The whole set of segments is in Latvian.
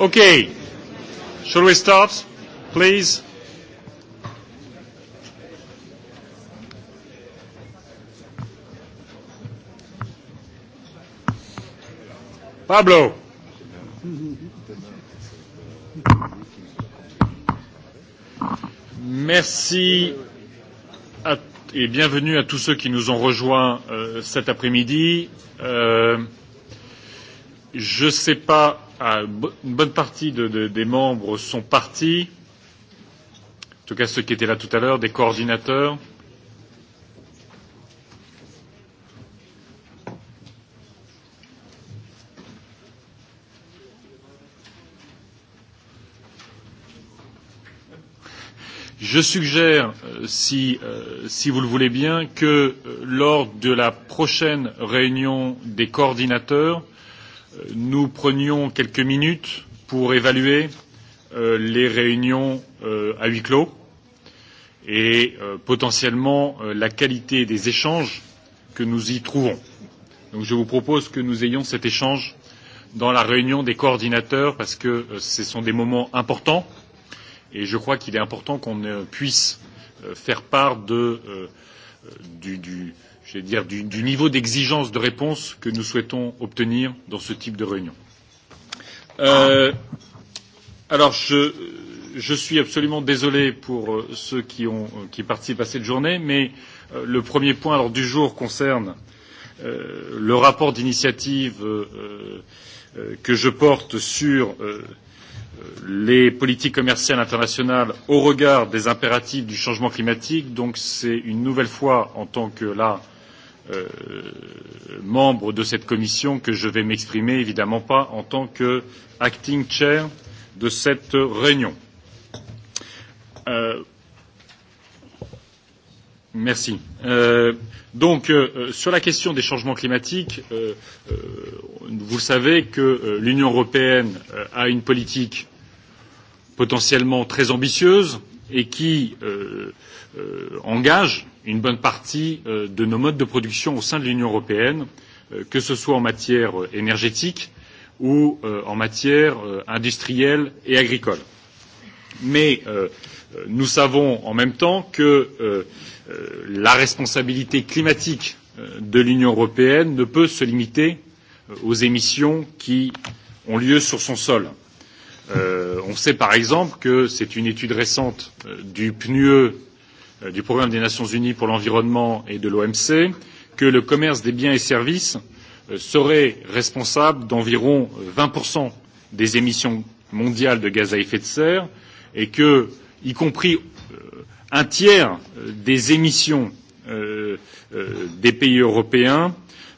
Okay. Shall we start, please? Pablo. Merci à, et bienvenue à tous ceux qui nous ont rejoints euh, cet après-midi. Euh, je ne sais pas à ah, une bonne partie de, de, des membres sont partis, en tout cas ceux qui étaient là tout à l'heure, des coordinateurs. Je suggère, euh, si, euh, si vous le voulez bien, que euh, lors de la prochaine réunion des coordinateurs, euh, nous prenions quelques minutes pour évaluer euh, les réunions euh, à huis clos et euh, potentiellement euh, la qualité des échanges que nous y trouvons. Donc je vous propose que nous ayons cet échange dans la réunion des coordinateurs parce que euh, ce sont des moments importants et je crois qu'il est important qu'on euh, puisse euh, faire part de, euh, euh du, du, je vais dire, du, du niveau d'exigence de réponse que nous souhaitons obtenir dans ce type de réunion. Euh, alors, je, je suis absolument désolé pour euh, ceux qui, ont, euh, qui participent à cette journée, mais euh, le premier point alors, du jour concerne euh, le rapport d'initiative euh, euh, que je porte sur euh, les politiques commerciales internationales au regard des impératifs du changement climatique. Donc c'est une nouvelle fois en tant que là Euh, membre de cette commission que je vais m'exprimer évidemment pas en tant que acting chair de cette réunion. Euh, merci. Euh, donc, euh, sur la question des changements climatiques, euh, euh, vous le savez que euh, l'Union européenne euh, a une politique potentiellement très ambitieuse et qui euh, euh, engage euh, une bonne partie euh, de nos modes de production au sein de l'Union européenne, euh, que ce soit en matière euh, énergétique ou euh, en matière euh, industrielle et agricole. Mais euh, euh, nous savons en même temps que euh, euh, la responsabilité climatique euh, de l'Union européenne ne peut se limiter euh, aux émissions qui ont lieu sur son sol. Euh, on sait par exemple que c'est une étude récente euh, du PNUE Euh, du programme des Nations Unies pour l'environnement et de l'OMC que le commerce des biens et services euh, serait responsable d'environ 20% euh, des émissions mondiales de gaz à effet de serre et que, y compris un tiers des émissions euh, euh, des pays européens,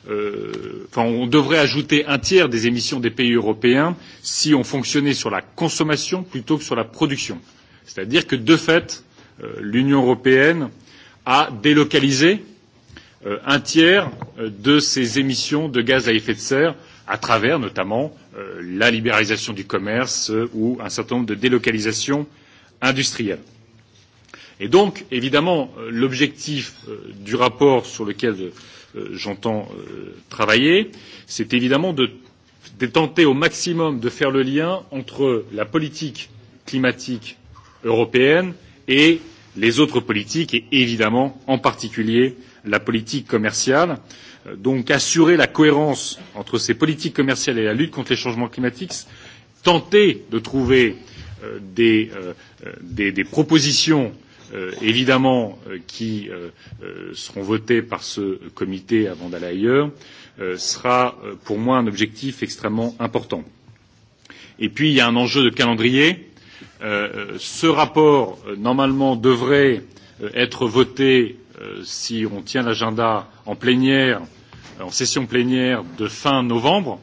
euh, enfin on devrait ajouter un tiers des émissions des pays européens si on fonctionnait sur la consommation plutôt que sur la production. C'est-à-dire que de fait, Euh, l'Union européenne à délocaliser euh, un tiers euh, de ses émissions de gaz à effet de serre à travers notamment euh, la libéralisation du commerce euh, ou un certain nombre de délocalisations industrielles. Et donc, évidemment, euh, l'objectif du rapport sur lequel j'entends travailler, c'est évidemment de, de tenter au maximum de faire le lien entre la politique climatique européenne et les autres politiques et évidemment en particulier la politique commerciale. Euh, donc assurer la cohérence entre ces politiques commerciales et la lutte contre les changements climatiques, tenter de trouver euh, des, euh, euh, des, des propositions euh, évidemment euh, qui euh, euh, seront votées par ce comité avant d'aller ailleurs euh, sera euh, pour moi un objectif extrêmement important. Et puis il y a un enjeu de calendrier euh, Euh, ce rapport, euh, normalement, devrait euh, être voté, euh, si on tient l'agenda, en plénière, euh, en session plénière de fin novembre,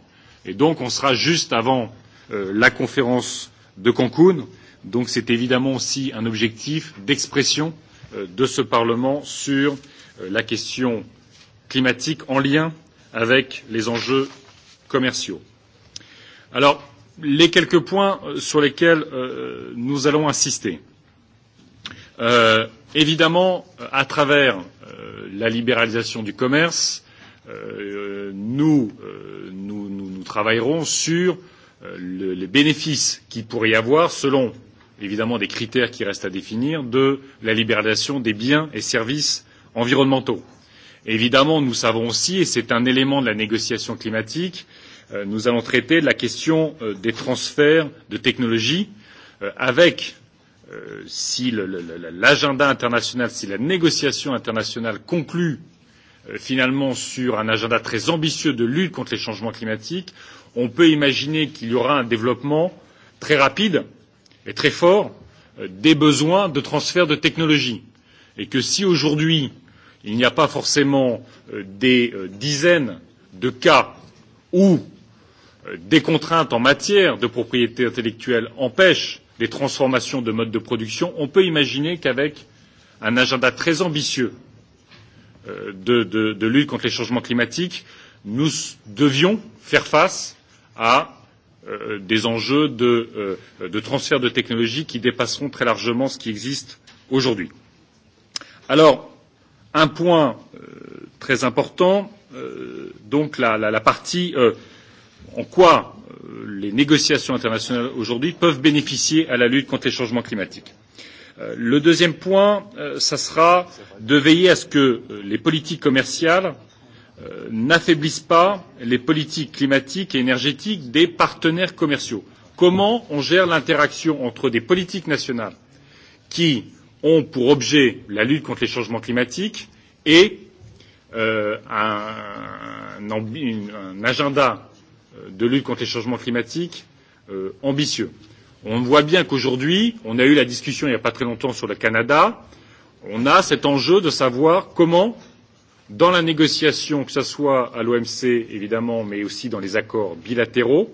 et donc on sera juste avant euh, la conférence de Cancun. Donc c'est évidemment aussi un objectif d'expression euh, de ce Parlement sur euh, la question climatique en lien avec les enjeux commerciaux. Alors, les quelques points euh, sur lesquels euh, nous allons insister. Euh, évidemment, euh, à travers euh, la libéralisation du commerce, euh, nous, euh, nous, nous, nous travaillerons sur euh, le, les bénéfices qu'il pourrait y avoir, selon évidemment des critères qui restent à définir, de la libéralisation des biens et services environnementaux. Évidemment, nous savons aussi, et c'est un élément de la négociation climatique, euh, Euh, nous allons traiter la question euh, des transferts de technologies euh, avec si l'agenda international, si la négociation internationale conclut finalement sur un agenda très ambitieux de lutte contre les changements climatiques, on peut imaginer qu'il y aura un développement très rapide et très fort des besoins de transfert de technologies et que si aujourd'hui il n'y a pas forcément des dizaines de cas où des contraintes en matière de propriété intellectuelle empêchent les transformations de modes de production, on peut imaginer qu'avec un agenda très ambitieux euh, de, de, de lutte contre les changements climatiques, nous devions faire face à euh, des enjeux de, euh, de transfert de technologies qui dépasseront très largement ce qui existe aujourd'hui. Alors, un point euh, très important, euh, donc la, la, la partie euh, en quoi euh, les négociations internationales aujourd'hui peuvent bénéficier à la lutte contre les changements climatiques. Euh, le deuxième point, euh, ça sera de veiller à ce que les politiques commerciales n'affaiblissent pas les politiques climatiques et énergétiques des partenaires commerciaux. Comment on gère l'interaction entre des politiques nationales qui ont pour objet la lutte contre les changements climatiques et euh, un, un, un agenda de lutte contre les changements climatiques euh, ambitieux. On voit bien qu'aujourd'hui, on a eu la discussion il n'y a pas très longtemps sur le Canada, on a cet enjeu de savoir comment, dans la négociation, que ce soit à l'OMC évidemment, mais aussi dans les accords bilatéraux,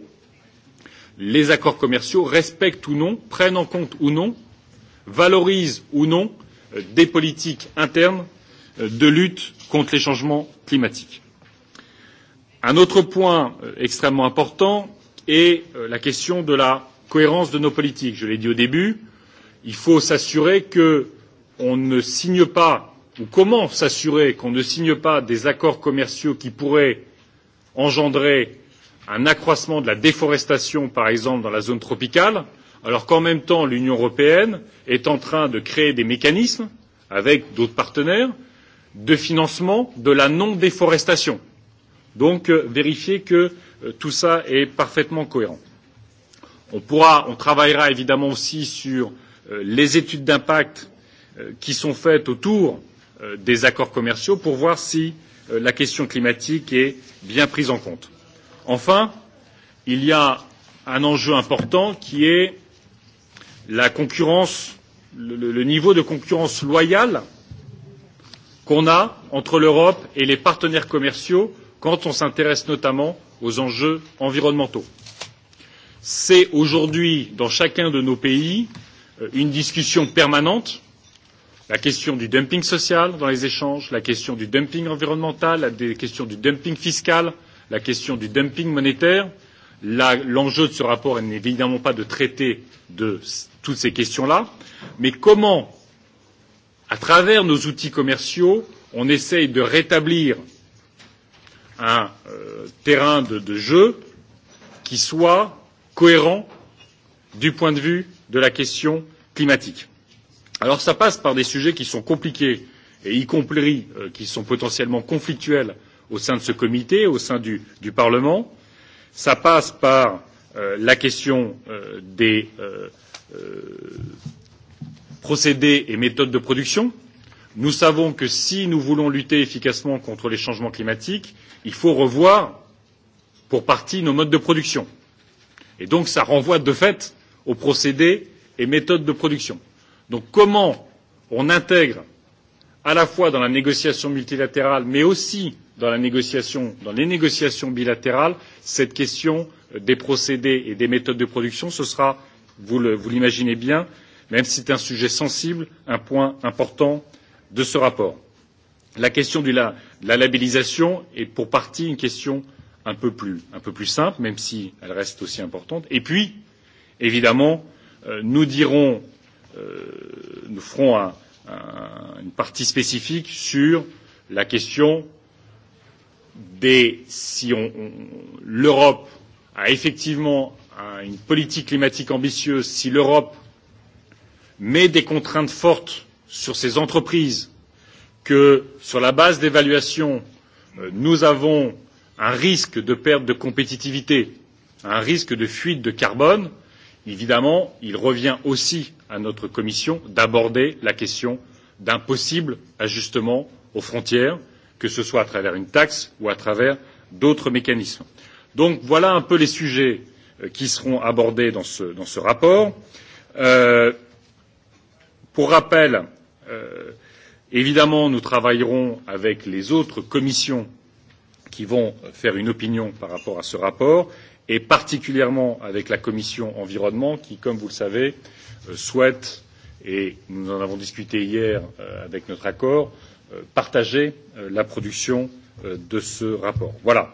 les accords commerciaux respectent ou non, prennent en compte ou non, valorisent ou non euh, des politiques internes euh, de lutte contre les changements climatiques. Un autre point euh, extrêmement important est euh, la question de la cohérence de nos politiques. Je l'ai dit au début, il faut s'assurer que on ne signe pas ou comment s'assurer qu'on ne signe pas des accords commerciaux qui pourraient engendrer un accroissement de la déforestation, par exemple, dans la zone tropicale, alors qu'en même temps l'Union européenne est en train de créer des mécanismes avec d'autres partenaires de financement de la non déforestation. Donc euh, vérifier que euh, tout ça est parfaitement cohérent. On pourra, on travaillera évidemment aussi sur euh, les études d'impact euh, qui sont faites autour euh, des accords commerciaux pour voir si euh, la question climatique est bien prise en compte. Enfin, il y a un enjeu important qui est la concurrence, le, le niveau de concurrence loyale qu'on a entre l'Europe et les partenaires commerciaux quand on s'intéresse notamment aux enjeux environnementaux. C'est aujourd'hui, dans chacun de nos pays, euh, une discussion permanente la question du dumping social dans les échanges, la question du dumping environnemental, la question du dumping fiscal, la question du dumping monétaire. L'enjeu de ce rapport n'est évidemment pas de traiter de toutes ces questions-là, mais comment, à travers nos outils commerciaux, on essaye de rétablir un euh, terrain de, de jeu qui soit cohérent du point de vue de la question climatique. Alors ça passe par des sujets qui sont compliqués et y compris euh, qui sont potentiellement conflictuels au sein de ce comité, au sein du, du Parlement. Ça passe par euh, la question euh, des euh, euh, procédés et méthodes de production, Nous savons que si nous voulons lutter efficacement contre les changements climatiques, il faut revoir pour partie nos modes de production. Et donc, ça renvoie de fait aux procédés et méthodes de production. Donc, comment on intègre à la fois dans la négociation multilatérale, mais aussi dans, la négociation, dans les négociations bilatérales, cette question des procédés et des méthodes de production, ce sera, vous l'imaginez bien, même si c'est un sujet sensible, un point important de ce rapport. La question de la, de la labellisation est pour partie une question un peu, plus, un peu plus simple, même si elle reste aussi importante. Et puis, évidemment, euh, nous dirons, euh, nous ferons un, un, une partie spécifique sur la question des si on, on, l'Europe a effectivement un, une politique climatique ambitieuse, si l'Europe met des contraintes fortes sur ces entreprises que, sur la base d'évaluation, euh, nous avons un risque de perte de compétitivité, un risque de fuite de carbone, évidemment, il revient aussi à notre commission d'aborder la question d'un possible ajustement aux frontières, que ce soit à travers une taxe ou à travers d'autres mécanismes. Donc voilà un peu les sujets euh, qui seront abordés dans ce, dans ce rapport. Euh, pour rappel, Euh, évidemment, nous travaillerons avec les autres commissions qui vont faire une opinion par rapport à ce rapport et particulièrement avec la commission environnement qui, comme vous le savez, euh, souhaite et nous en avons discuté hier euh, avec notre accord euh, partager euh, la production euh, de ce rapport. Voilà.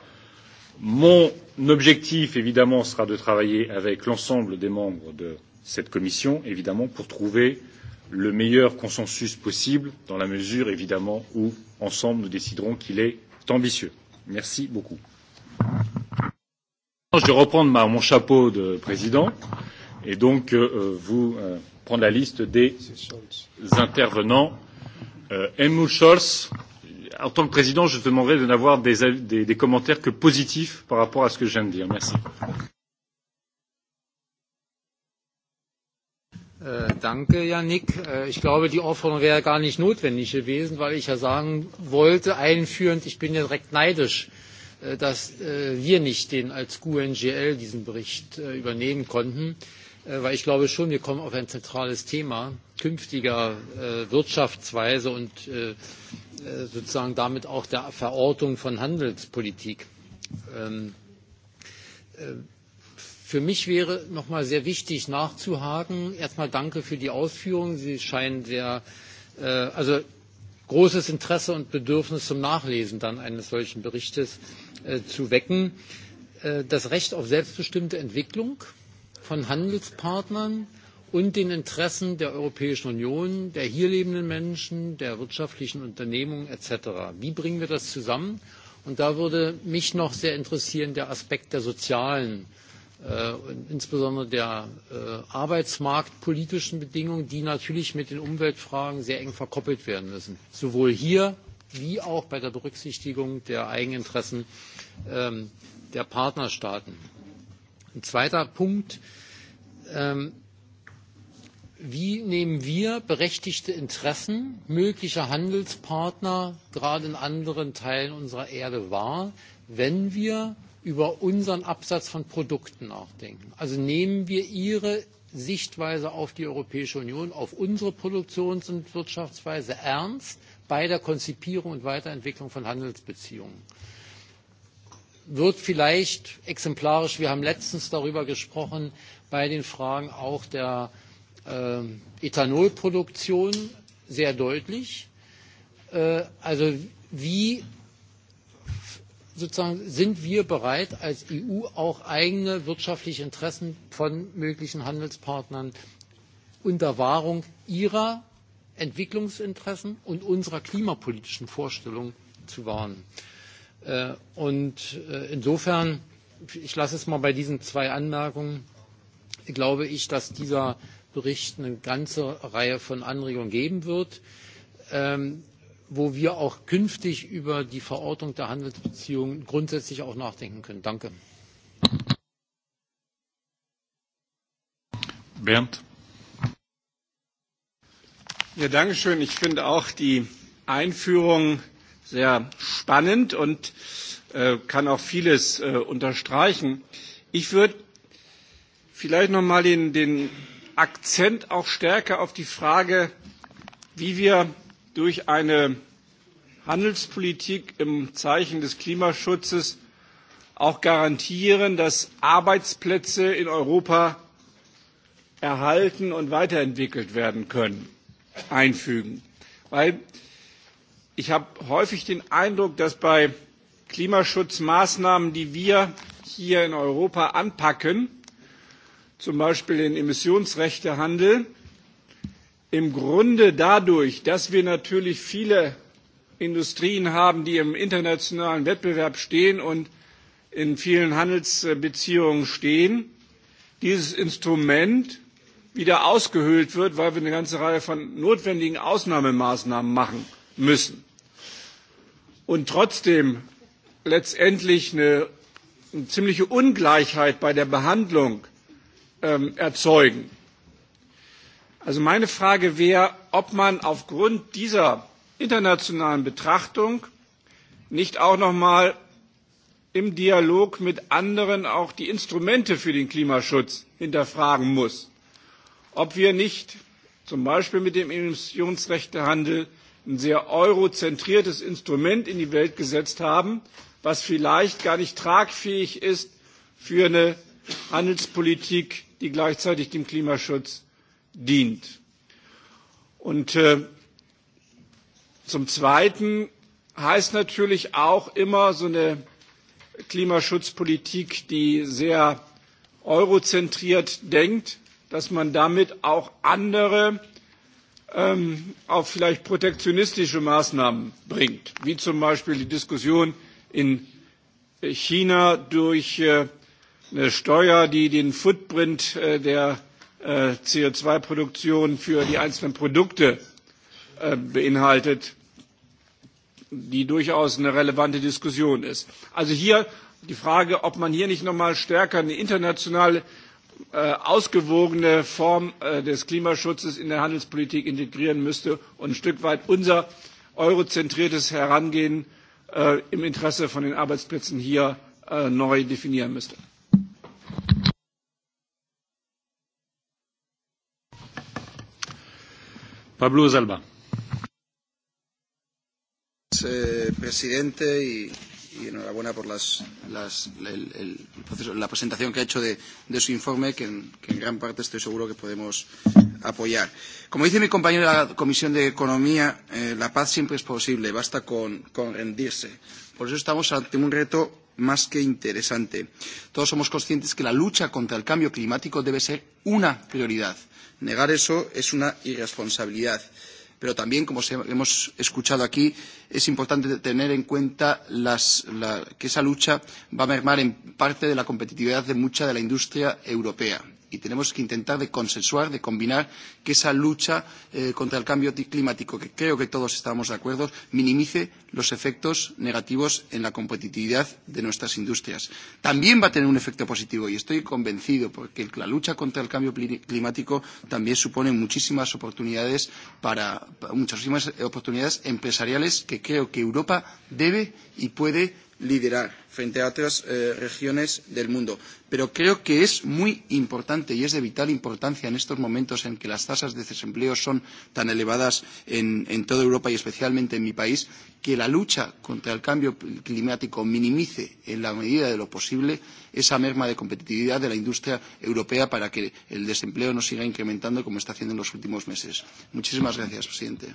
Mon objectif, évidemment, sera de travailler avec l'ensemble des membres de cette commission, évidemment, pour trouver euh, le meilleur consensus possible, dans la mesure, évidemment, où, ensemble, nous déciderons qu'il est ambitieux. Merci beaucoup. Je vais reprendre ma, mon chapeau de président et donc euh, vous euh, prendre la liste des intervenants. Euh, Helmut Scholz, en tant que président, je demanderai de n'avoir des, des, des commentaires que positifs par rapport à ce que je viens de dire. Merci. Äh, danke, Janik. Äh, ich glaube, die Aufforderung wäre gar nicht notwendig gewesen, weil ich ja sagen wollte, einführend, ich bin ja direkt neidisch, äh, dass äh, wir nicht den als QNGL diesen Bericht äh, übernehmen konnten, äh, weil ich glaube schon, wir kommen auf ein zentrales Thema künftiger äh, Wirtschaftsweise und äh, äh sozusagen damit auch der Verortung von Handelspolitik. Ähm, äh, Für mich wäre nochmal sehr wichtig nachzuhaken. Erstmal danke für die Ausführungen. Sie scheinen sehr, äh, also großes Interesse und Bedürfnis zum Nachlesen dann eines solchen Berichtes äh, zu wecken. Äh, das Recht auf selbstbestimmte Entwicklung von Handelspartnern und den Interessen der Europäischen Union, der hier lebenden Menschen, der wirtschaftlichen Unternehmungen etc. Wie bringen wir das zusammen? Und da würde mich noch sehr interessieren der Aspekt der sozialen äh, Äh, insbesondere der äh, arbeitsmarktpolitischen bedingungen die natürlich mit den umweltfragen sehr eng verkoppelt werden müssen sowohl hier wie auch bei der berücksichtigung der eigeninteressen ähm, der partnerstaaten. ein zweiter punkt ähm, wie nehmen wir berechtigte interessen möglicher handelspartner gerade in anderen teilen unserer erde wahr wenn wir über unseren Absatz von Produkten nachdenken. Also nehmen wir Ihre Sichtweise auf die Europäische Union, auf unsere Produktions- und Wirtschaftsweise ernst bei der Konzipierung und Weiterentwicklung von Handelsbeziehungen. Wird vielleicht exemplarisch, wir haben letztens darüber gesprochen, bei den Fragen auch der äh, Ethanolproduktion sehr deutlich. Äh, also wie sozusagen sind wir bereit als eu auch eigene wirtschaftliche interessen von möglichen handelspartnern unter wahrung ihrer entwicklungsinteressen und unserer klimapolitischen vorstellungen zu wahren? Äh, und äh, insofern ich lasse es mal bei diesen zwei anmerkungen glaube ich dass dieser bericht eine ganze reihe von anregungen geben wird. Ähm, wo wir auch künftig über die Verortung der Handelsbeziehungen grundsätzlich auch nachdenken können. Danke. Bernd. Ja, danke schön. Ich finde auch die Einführung sehr spannend und äh, kann auch vieles äh, unterstreichen. Ich würde vielleicht noch mal den, den Akzent auch stärker auf die Frage, wie wir durch eine Handelspolitik im Zeichen des Klimaschutzes auch garantieren, dass Arbeitsplätze in Europa erhalten und weiterentwickelt werden können, einfügen. Weil ich habe häufig den Eindruck, dass bei Klimaschutzmaßnahmen, die wir hier in Europa anpacken, zum Beispiel den Emissionsrechtehandel, im Grunde dadurch, dass wir natürlich viele Industrien haben, die im internationalen Wettbewerb stehen und in vielen Handelsbeziehungen stehen, dieses Instrument wieder ausgehöhlt wird, weil wir eine ganze Reihe von notwendigen Ausnahmemaßnahmen machen müssen und trotzdem letztendlich eine, eine ziemliche Ungleichheit bei der Behandlung ähm, erzeugen. Also meine Frage wäre, ob man aufgrund dieser internationalen Betrachtung nicht auch noch mal im Dialog mit anderen auch die Instrumente für den Klimaschutz hinterfragen muss. Ob wir nicht zum Beispiel mit dem Emissionsrechtehandel ein sehr eurozentriertes Instrument in die Welt gesetzt haben, was vielleicht gar nicht tragfähig ist für eine Handelspolitik, die gleichzeitig dem Klimaschutz dient. Und äh, zum Zweiten heißt natürlich auch immer so eine Klimaschutzpolitik, die sehr eurozentriert denkt, dass man damit auch andere ähm, auch vielleicht protektionistische Maßnahmen bringt, wie zum Beispiel die Diskussion in China durch äh, eine Steuer, die den Footprint äh, der äh, CO2-Produktion für die einzelnen Produkte äh, beinhaltet, die durchaus eine relevante Diskussion ist. Also hier die Frage, ob man hier nicht nochmal stärker eine internationale äh, ausgewogene Form äh, des Klimaschutzes in der Handelspolitik integrieren müsste und ein Stück weit unser eurozentriertes Herangehen äh, im Interesse von den Arbeitsplätzen hier äh, neu definieren müsste. Pablo Zalba. Eh, presidente, y, y enhorabuena por las, las, el, el proceso, la presentación que ha hecho de, de su informe, que en, que en gran parte estoy seguro que podemos apoyar. Como dice mi compañero de la Comisión de Economía, eh, la paz siempre es posible, basta con, con rendirse. Por eso estamos ante un reto más que interesante. Todos somos conscientes que la lucha contra el cambio climático debe ser una prioridad. Negar eso es una irresponsabilidad. Pero también, como se, hemos escuchado aquí, es importante tener en cuenta las, la, que esa lucha va a mermar en parte de la competitividad de mucha de la industria europea y tenemos que intentar de consensuar, de combinar que esa lucha eh, contra el cambio climático, que creo que todos estamos de acuerdo, minimice los efectos negativos en la competitividad de nuestras industrias. También va a tener un efecto positivo y estoy convencido porque la lucha contra el cambio climático también supone muchísimas oportunidades para, para muchísimas oportunidades empresariales que creo que Europa debe y puede liderar frente a otras eh, regiones del mundo. Pero creo que es muy importante y es de vital importancia en estos momentos en que las tasas de desempleo son tan elevadas en, en toda Europa y especialmente en mi país, que la lucha contra el cambio climático minimice en la medida de lo posible esa merma de competitividad de la industria europea para que el desempleo no siga incrementando como está haciendo en los últimos meses. Muchísimas gracias, presidente.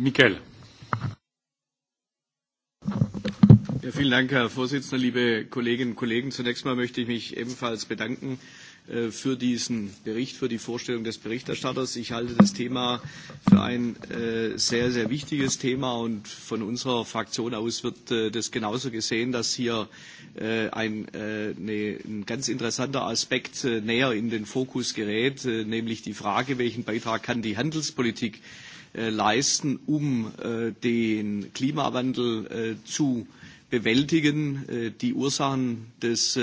Michael. Ja, vielen Dank, Herr Vorsitzender, liebe Kolleginnen und Kollegen. Zunächst mal möchte ich mich ebenfalls bedanken äh, für diesen Bericht, für die Vorstellung des Berichterstatters. Ich halte das Thema für ein äh, sehr, sehr wichtiges Thema und von unserer Fraktion aus wird äh, das genauso gesehen, dass hier äh, ein, äh, ne, ein ganz interessanter Aspekt äh, näher in den Fokus gerät, äh, nämlich die Frage, welchen Beitrag kann die Handelspolitik äh, Äh, leisten, um äh, den Klimawandel äh, zu bewältigen. Die Ursachen des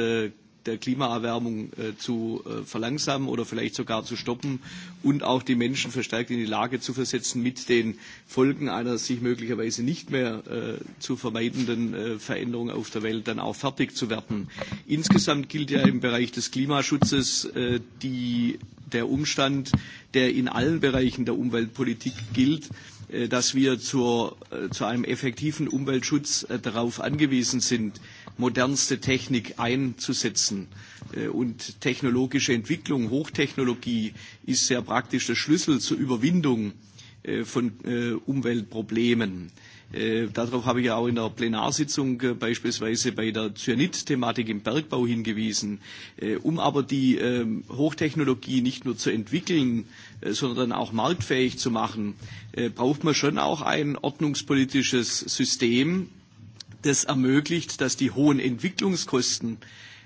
der Klimaerwärmung äh, zu äh, verlangsamen oder vielleicht sogar zu stoppen und auch die Menschen verstärkt in die Lage zu versetzen, mit den Folgen einer sich möglicherweise nicht mehr äh, zu vermeidenden äh, Veränderung auf der Welt dann auch fertig zu werden. Insgesamt gilt ja im Bereich des Klimaschutzes äh, die, der Umstand, der in allen Bereichen der Umweltpolitik gilt, äh, dass wir zur, äh, zu einem effektiven Umweltschutz äh, darauf angewiesen sind, modernste Technik einzusetzen. Äh, und technologische Entwicklung, Hochtechnologie ist sehr praktisch der Schlüssel zur Überwindung äh, von äh, Umweltproblemen. Darauf habe ich ja auch in der Plenarsitzung beispielsweise bei der Zyanid-Thematik im Bergbau hingewiesen. Um aber die ähm, Hochtechnologie nicht nur zu entwickeln, sondern auch marktfähig zu machen, braucht man schon auch ein ordnungspolitisches System, das ermöglicht, dass die hohen Entwicklungskosten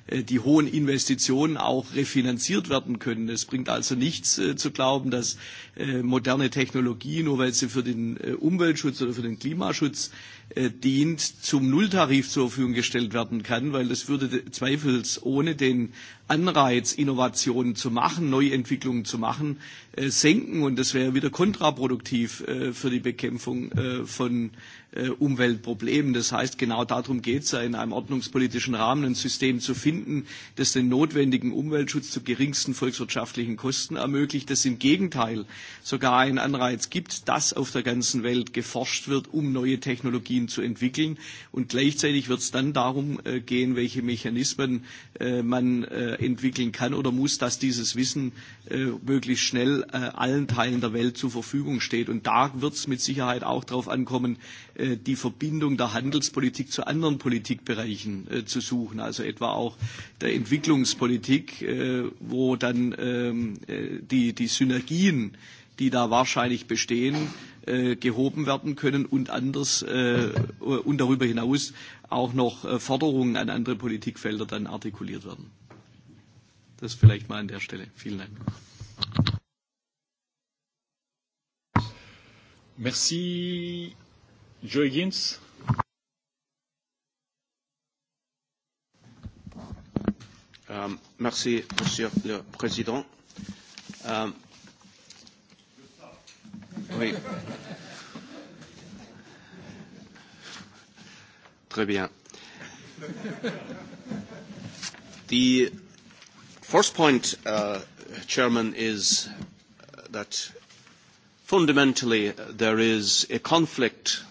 äh, die hohen Investitionen auch refinanziert werden können. Es bringt also nichts äh, zu glauben, dass äh, moderne Technologie, nur weil sie für den äh, Umweltschutz oder für den Klimaschutz äh, dient, zum Nulltarif zur Verfügung gestellt werden kann, weil das würde zweifelsohne den Anreiz, Innovationen zu machen, Neuentwicklungen zu machen, äh, senken. Und das wäre wieder kontraproduktiv äh, für die Bekämpfung äh, von äh, Umweltproblemen. Das heißt, genau darum geht es ja, in einem ordnungspolitischen Rahmen ein System zu finden, das den notwendigen Umweltschutz zu geringsten volkswirtschaftlichen Kosten ermöglicht, das im Gegenteil sogar einen Anreiz gibt, dass auf der ganzen Welt geforscht wird, um neue Technologien zu entwickeln. Und gleichzeitig wird es dann darum äh, gehen, welche Mechanismen äh, man äh, entwickeln kann oder muss, dass dieses Wissen äh, möglichst schnell äh, allen Teilen der Welt zur Verfügung steht. Und da wird es mit Sicherheit auch darauf ankommen, äh, Äh, die Verbindung der Handelspolitik zu anderen Politikbereichen äh, zu suchen, also etwa auch der Entwicklungspolitik, äh, wo dann ähm, äh, die, die Synergien, die da wahrscheinlich bestehen, äh, gehoben werden können und anders äh, und darüber hinaus auch noch äh, Forderungen an andere Politikfelder dann artikuliert werden. Das vielleicht mal an der Stelle. Vielen Dank. Merci. Joe Higgins. Euh, merci, Monsieur le Président. Euh, oui. Très bien. The first point, uh, Chairman, is that fundamentally there is a conflict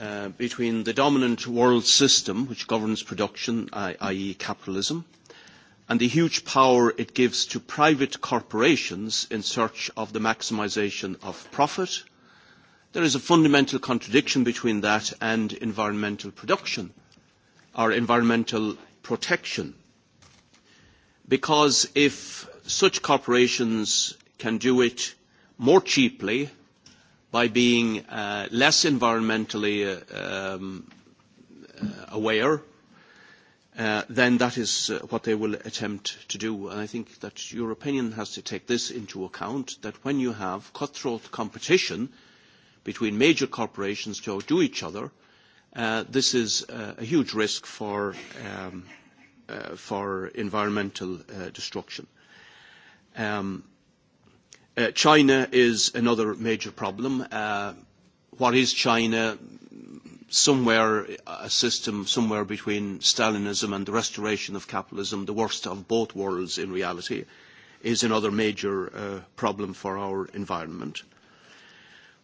uh, between the dominant world system, which governs production, i.e. capitalism, and the huge power it gives to private corporations in search of the maximisation of profit, there is a fundamental contradiction between that and environmental production or environmental protection. Because if such corporations can do it more cheaply by being uh, less environmentally uh, um, uh, aware, uh, then that is uh, what they will attempt to do. And I think that your opinion has to take this into account, that when you have cutthroat competition between major corporations to outdo each other, uh, this is uh, a huge risk for, um, uh, for environmental uh, destruction. Um, Uh, China is another major problem. Uh, what is China? Somewhere a system somewhere between Stalinism and the restoration of capitalism, the worst of both worlds in reality, is another major uh, problem for our environment.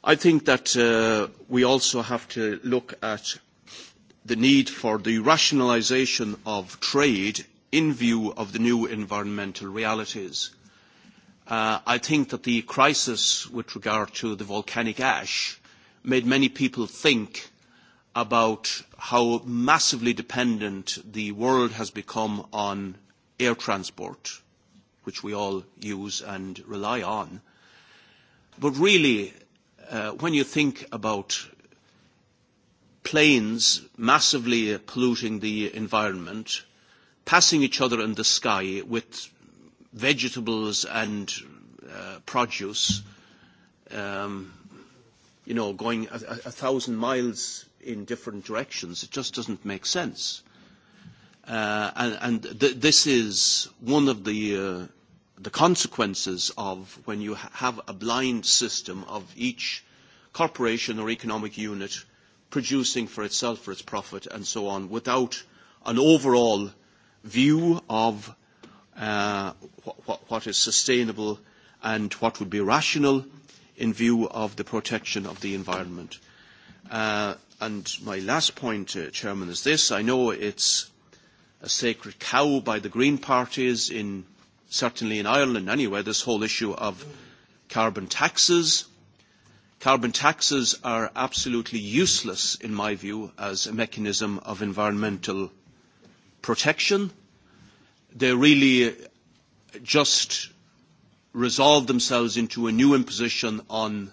I think that uh, we also have to look at the need for the rationalisation of trade in view of the new environmental realities. Uh, I think that the crisis with regard to the volcanic ash made many people think about how massively dependent the world has become on air transport, which we all use and rely on. But really, uh, when you think about planes massively polluting the environment, passing each other in the sky with vegetables and uh, produce, um, you know, going a, a, a thousand miles in different directions. It just doesn't make sense. Uh, and and th- this is one of the, uh, the consequences of when you ha- have a blind system of each corporation or economic unit producing for itself, for its profit, and so on, without an overall view of uh, wh- what is sustainable and what would be rational in view of the protection of the environment. Uh, and my last point, uh, Chairman, is this. I know it's a sacred cow by the Green parties in, certainly in Ireland anyway, this whole issue of carbon taxes. Carbon taxes are absolutely useless, in my view, as a mechanism of environmental protection. Uh, they really just resolve themselves into a new imposition on,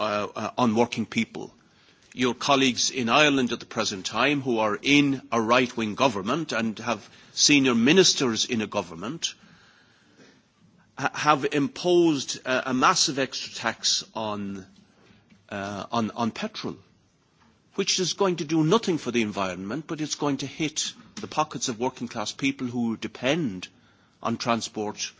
uh, uh, on working people. Your colleagues in Ireland at the present time who are in a right-wing government and have senior ministers in a government ha- have imposed a, a massive extra tax on, uh, on, on petrol. Uh, which is going to do nothing for the environment, but it's going to hit the pockets of working class people who depend on transport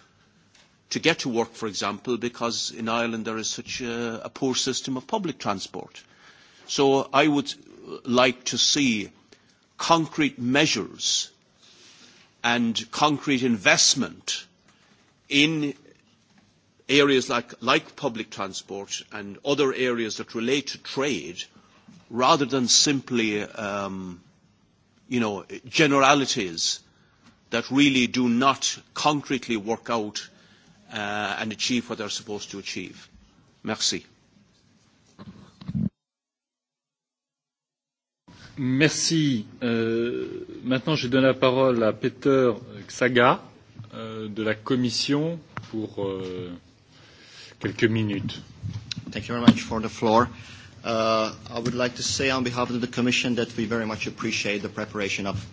to get to work, for example, because in Ireland there is such a, a poor system of public transport. So I would like to see concrete measures and concrete investment in areas like, like public transport and other areas that relate to trade – rather than simply, um, you know, generalities that really do not concretely work out uh, and achieve what they're supposed to achieve. Merci. Merci. Euh, maintenant, je donne la parole à Peter Xaga euh, de la Commission pour euh, quelques minutes. Thank you very much for the floor. Uh, Uh, I would like to say on behalf of the Commission that we very much appreciate the preparation of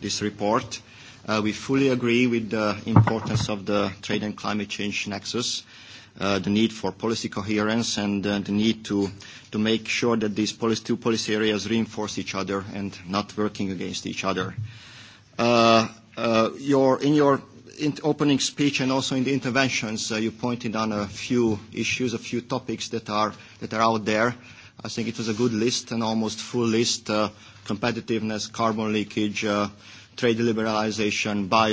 this report. Uh, we fully agree with the importance of the trade and climate change nexus, uh, the need for policy coherence, and uh, the need to, to make sure that these policy, two policy areas reinforce each other and not working against each other. Uh, uh, your, in your in opening speech and also in the interventions, uh, you pointed on a few issues, a few topics that are, that are out there I think it was a good list, an almost full list, uh, competitiveness, carbon leakage, uh, trade liberalization, bio